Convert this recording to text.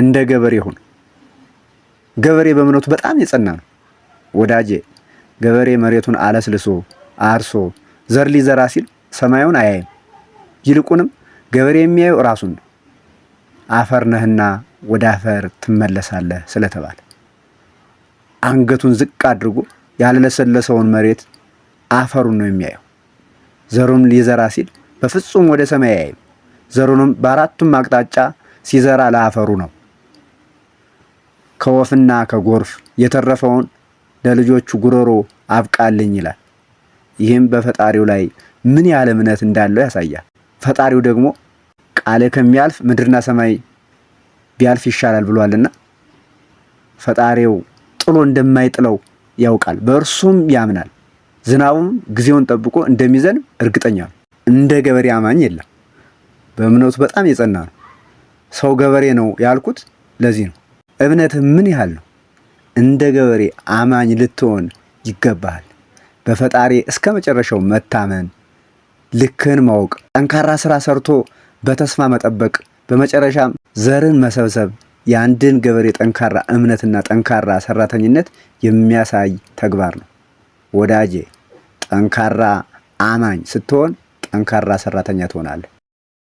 እንደ ገበሬ ሁን። ገበሬ በእምነቱ በጣም የጸና ነው ወዳጄ። ገበሬ መሬቱን አለስልሶ አርሶ ዘር ሊዘራ ሲል ሰማዩን አያይም። ይልቁንም ገበሬ የሚያየው ራሱን ነው። አፈር ነህና ወደ አፈር ትመለሳለህ ስለተባለ አንገቱን ዝቅ አድርጎ ያለለሰለሰውን መሬት አፈሩን ነው የሚያየው። ዘሩን ሊዘራ ሲል በፍጹም ወደ ሰማይ አያይም። ዘሩንም በአራቱም አቅጣጫ ሲዘራ ለአፈሩ ነው። ከወፍና ከጎርፍ የተረፈውን ለልጆቹ ጉሮሮ አብቃልኝ ይላል። ይህም በፈጣሪው ላይ ምን ያህል እምነት እንዳለው ያሳያል። ፈጣሪው ደግሞ ቃለ ከሚያልፍ ምድርና ሰማይ ቢያልፍ ይሻላል ብሏልና ፈጣሪው ጥሎ እንደማይጥለው ያውቃል፣ በእርሱም ያምናል። ዝናቡም ጊዜውን ጠብቆ እንደሚዘን እርግጠኛ ነው። እንደ ገበሬ አማኝ የለም። በእምነቱ በጣም የጸና ነው። ሰው ገበሬ ነው ያልኩት ለዚህ ነው። እምነትህ ምን ያህል ነው? እንደ ገበሬ አማኝ ልትሆን ይገባሃል። በፈጣሪ እስከ መጨረሻው መታመን፣ ልክህን ማወቅ፣ ጠንካራ ስራ ሰርቶ በተስፋ መጠበቅ፣ በመጨረሻም ዘርን መሰብሰብ የአንድን ገበሬ ጠንካራ እምነትና ጠንካራ ሰራተኝነት የሚያሳይ ተግባር ነው። ወዳጄ ጠንካራ አማኝ ስትሆን ጠንካራ ሰራተኛ ትሆናለህ።